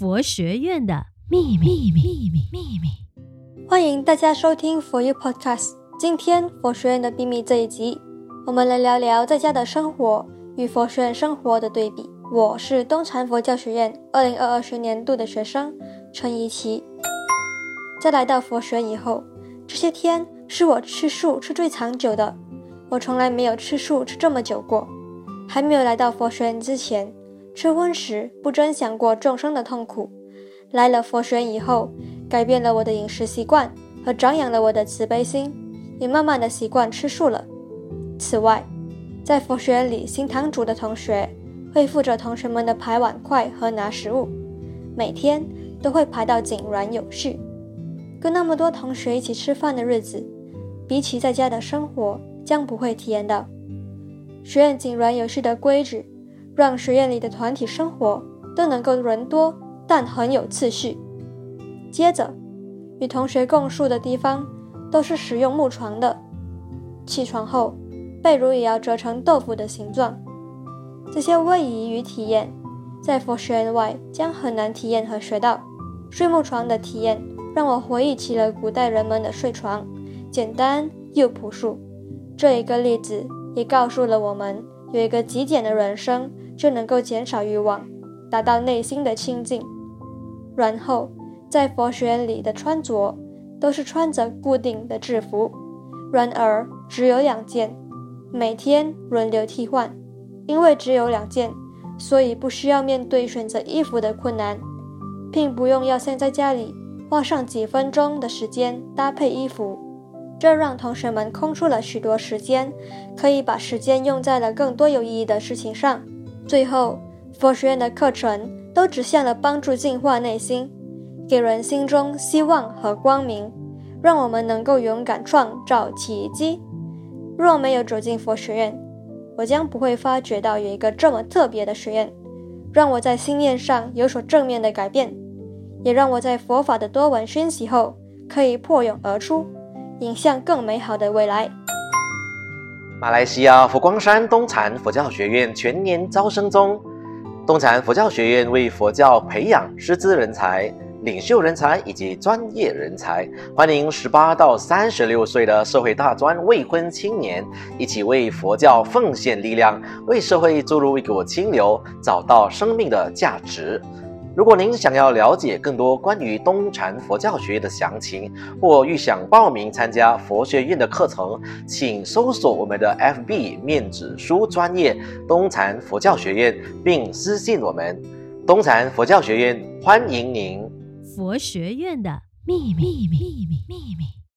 佛學院的秘密，祕密，祕密，祕密，歡迎大家收聽 For You Podcast。今天《佛學院的祕密》這一集，我們來聊聊在家的生活與佛學院生活的對比。我是東禪佛教學院二零二二學年度的學生陳頤琪。在來到佛學院以後，這些天是我吃素吃最長久的，我從來沒有吃素吃這麼久過。還沒有來到佛學院之前。吃葷食不曾想過眾生的痛苦，來了佛學院以後，改變了我的飲食習慣和長養了我的慈悲心，也慢慢的習慣吃素了。此外，在佛學院裡，行堂主的同學會負責同學們的排碗筷和拿食物，每天都會排到井然有序。跟那麼多同學一起吃飯的日子，比起在家的生活，將不會體驗到學院井然有序的規矩。讓學院裡的團體生活都能夠人多，但很有次序。接着，與同學共宿的地方都是使用木床的。起床後，被褥也要折成豆腐的形狀。這些威儀與體驗，在佛學院外將很難體驗和學到。睡木床的體驗讓我回憶起了古代人們的睡床，簡單又樸素。這一個例子也告訴了我們，有一個極簡的人生，就能夠減少慾望，達到內心的清淨。然後，在佛學院裡的穿着都是穿着固定的制服，然而只有兩件，每天輪流替換。因為只有兩件，所以不需要面對選擇衣服的困難，並不用要先在家裡花上幾分鐘的時間搭配衣服，這讓同學們空出了許多時間，可以把時間用在了更多有意義的事情上。最後，佛學院的課程都指向了幫助淨化內心，給人心中希望和光明，讓我們能夠勇敢創造奇蹟。若沒有走進佛學院，我將不會發覺到有一個這麼特別的學院，讓我在心念上有所正面的改變，也讓我在佛法的多聞熏習後可以破蛹而出，引向更美好的未來。馬來西亞佛光山東禪佛教學院全年招生中。東禪佛教學院為佛教培養師資人才、領袖人才以及專業人才，歡迎十八到三十六歲的社會大專未婚青年，一起為佛教奉獻力量，為社會注入一股清流，找到生命的價值。如果您想要了解更多關於東禪佛教學院的詳情，或預想報名參加佛學院的課程，請搜索我們的 FB 面子書專頁東禪佛教學院，並私信我們。東禪佛教學院歡迎您。佛學院的秘密，秘密，秘密、秘密。